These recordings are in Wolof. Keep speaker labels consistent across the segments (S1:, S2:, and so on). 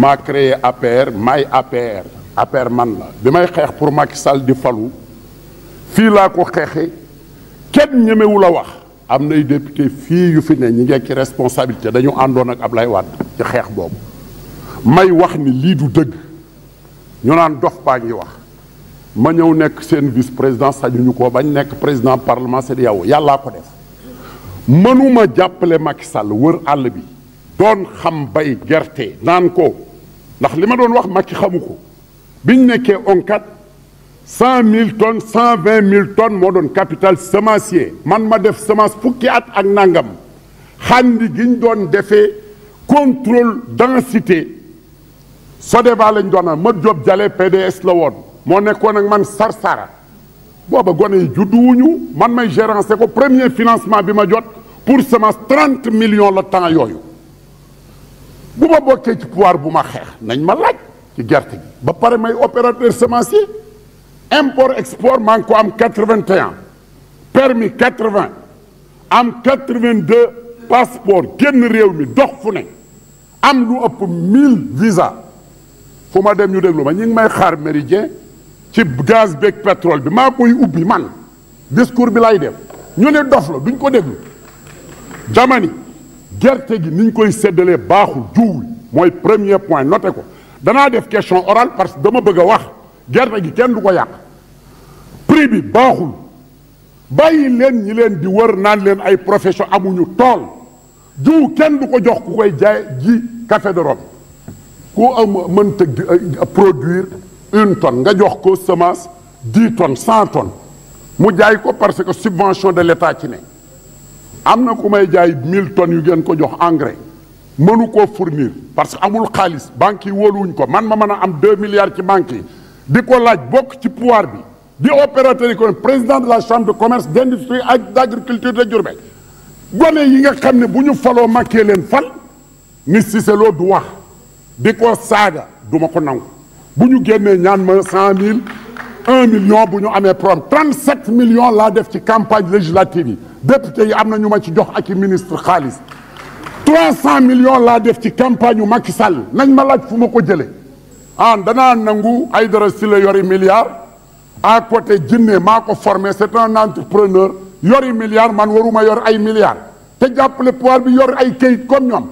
S1: maa créé APR may APR APR man la bi may xeex pour Macky Sall di falu fii laa ko xeexe kenn ñemewu la wax am nay député fii yu fi ne ñi ngi ci responsabilité dañu àndoon ak Ablaye Wade ci xeex boobu may wax ni lii du dëgg ñu naan dof baa ngi wax ma ñëw nekk seen vice président sañuñu ko bañ nekk président parlement c'est yow e yàllaa ko def mënuma jàppale Macky Sall wër àll bi doon xam bay gerte naan ko ndax li ma doon wax ma Macky xamu ko bi ñu nekkee ONCAD cent mille tonnes cent vingt mille tonnes moo doon capital semencier man ma def semence fukki at ak nangam xandi giñ doon defee contrôle densité Sodeva lañ doon am ma Diop Jalle PDS la woon moo nekkoon ak man Sarsara booba gone yi judduwuñu man may gérancé ko premier financement bi ma jot pour semence trente million la temps yooyu bu ma bokkee ci pouvoir bu ma xeex nañ ma laaj ci gerte gi ba pare may opérateur semencier import export maa ngi ko am 81 permis 80 am 82 passeport génn réew mi dox fu ne am lu ëpp 1000 visa fu ma dem ñu déglu ma ñu may xaar méridien ci gaz beeg pétrole bi maa koy ubbi man discours bi lay def ñu ne dof la duñ ko déglu jamani gerte gi niñ koy seddalee baaxul juuwul mooy premier point noté ko danaa def question orale parce que dama bëgg a wax gerte gi kenn du ko yàq prix bi baaxul bàyyi leen ñi leen di wër naan leen ay profession amuñu tool jiw kenn du ko jox ku koy jaay ji café de Rome ku am mënta produire une tonne nga jox ko semence dix tonnes cent tonnes mu jaay ko parce que subvention de l'État ci ne am na ku may jaay mille tonnes yu ngeen ko jox engrais mënu koo fournir parce que amul xaalis banques yi wóoluwuñ ko man ma mën a am deux milliards ci banques yi di ko laaj bokk ci pouvoir bi di opérateur économique président de la chambre de commerce d' industrie ak d' agriculture de Diourbel gone yi nga xam ne bu ñu faloo màkkee leen fal ni Cissé du wax di ko saaga du ma ko nangu bu ñu génnee ñaan ma cent mille un million bu ñu amee problème trente sept million laa def ci campagne législative yi député yi am na ñu ma ci jox ak i ministre xaalis 300 millions laa def ci campagne yu Macky Sall nañ ma laaj fu ma ko jëlee ah dana nangu ay Aïdara Sylla yori milliard à côté Jinne maa ko formé c'est un entrepreneur yori milliard man waruma yor ay milliard te jàppale pouvoir bi yor ay kayit comme ñoom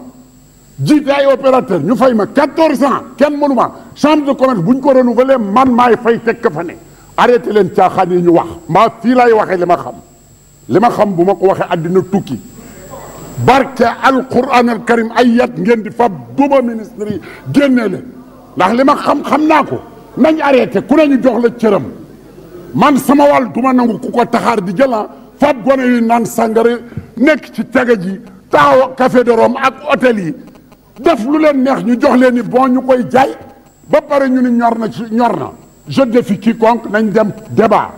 S1: jiite ay opérateur ñu fay ma 14 ans kenn mënuma chambre de commerce bu ñu ko renouveler man maay fay teg ka fa ne arrêté leen caaxaan yi ñu wax maa fii laay waxee li ma xam li ma xam bu ma ko waxee àddina tukki barke alquran al karim ay yat ngeen di fab duma ministre yi génnee leen ndax li ma xam xam naa ko nañ arrêté ku nañu jox la cëram man sama wal duma nangu ku ko taxaar di jëla ah. fab gone yu naan sàngara nekk ci tege ji taaw kafe de Rome ak hôtel yi def lu leen neex ñu jox leen ni bon ñu koy jaay ba pare ñu ni ñor na ci ñor na je défie quiconque nañ dem débat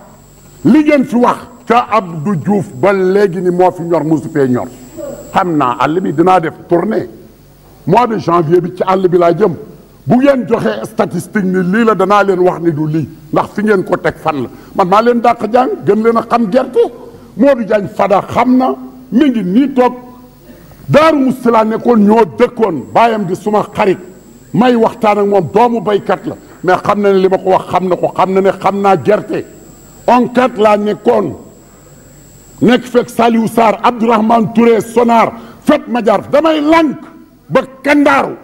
S1: li ngeen fi wax ca du juuf ba léegi ni moo fi ñor mosu fee ñor xam naa àll bi dinaa def tournée mois de janvier bi ci àll bi laa jëm bu ngeen joxee statistique ni lii la danaa leen wax ni du lii ndax fi ngeen ko teg fan la man maa leen dàq jàng gën leen a xam gerte Modou jàng Fada xam na mi ngi nii toog Daaru Musti laa nekkoon ñoo dëkkoon bàyyam di suma xarit may waxtaan ak moom doomu baykat la mais xam na ne li ma ko wax xam na ko xam na ne xam naa gerte enquête laa nekkoon nekk fekk Saliou Sarr Abdourahmane Touré Sonar fet ma jaar damay lànk ba kandaaru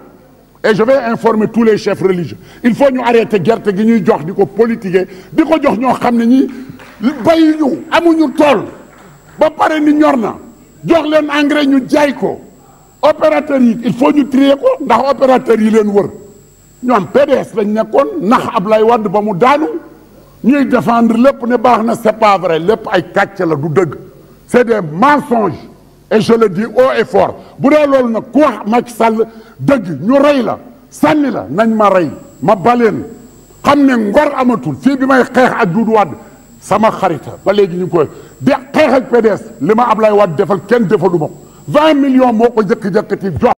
S1: et je vais informer tous les chefs religieux il faut ñu arrêter gerte gi ñuy jox di ko politiquer di ko jox ñoo xam ne ñi bayuñu amuñu tool ba pare ni ñor na jox leen engrais ñu jaay ko opérateurs yi il faut ñu trier ko ndax opérateurs yi leen wër ñoom PDS lañ nekkoon nax Ablaye Wade ba mu daanu ñuy défendre lépp ne baax na c'est pas vrai lépp ay kàcc la du dëgg c'est des mensonges et je le dis haut bu dee loolu nag ku wax Macky Sall dëgg ñu rey la sànni la nañ ma rey ma baleen xam ne ngor amatul fii bi may xeex ak Doudou Wade sama xarita ba léegi ñu koy di xeex ak PDS li ma Ablaye Wade defal kenn defalu ma ko vingt millions moo ko jëkk-jëkkati jox